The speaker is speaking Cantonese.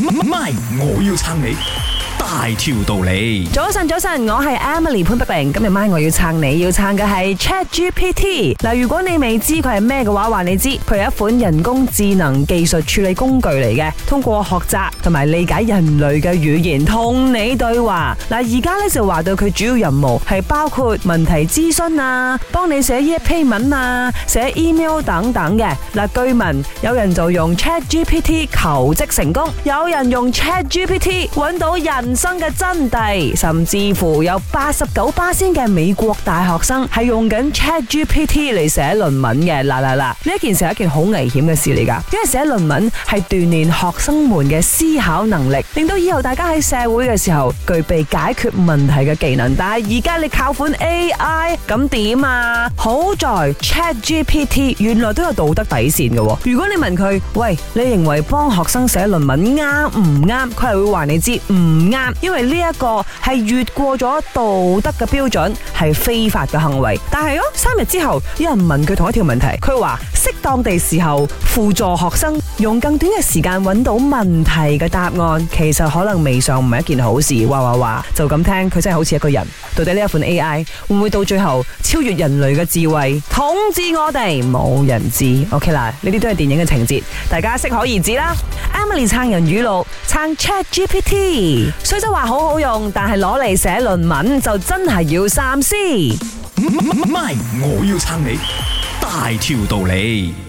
MY，我要撐你。大條道理，早晨早晨，我係 Emily 潘碧玲，今日晚我要撐你，要撐嘅係 Chat GPT。嗱，如果你未知佢係咩嘅話，話你知佢係一款人工智能技術處理工具嚟嘅，通過學習同埋理解人類嘅語言同你對話。嗱，而家咧就話到佢主要任務係包括問題諮詢啊，幫你寫呢一批文啊，寫 email 等等嘅。嗱，據聞有人就用 Chat GPT 求職成功，有人用 Chat GPT 搵到人。生嘅真諦，甚至乎有八十九巴仙嘅美國大學生係用緊 ChatGPT 嚟寫論文嘅，嗱嗱嗱！呢一件事係一件好危險嘅事嚟㗎，因為寫論文係鍛煉學生們嘅思考能力，令到以後大家喺社會嘅時候具備解決問題嘅技能。但係而家你靠款 AI 咁點啊？好在 ChatGPT 原來都有道德底線嘅。如果你問佢喂，你認為幫學生寫論文啱唔啱？佢係會話你知唔啱。因為呢一個係越過咗道德嘅標準，係非法嘅行為。但係咯、哦，三日之後有人問佢同一條問題，佢話。適當地時候輔助學生用更短嘅時間揾到問題嘅答案，其實可能未嘗唔係一件好事。哇哇哇就咁聽，佢真係好似一個人。到底呢一款 AI 會唔會到最後超越人類嘅智慧，統治我哋？冇人知。OK 啦，呢啲都係電影嘅情節，大家適可而止啦。Emily 撐人語錄，撐 ChatGPT，雖則話好好用，但係攞嚟寫論文就真係要三思。唔係，我要撐你。大條道理。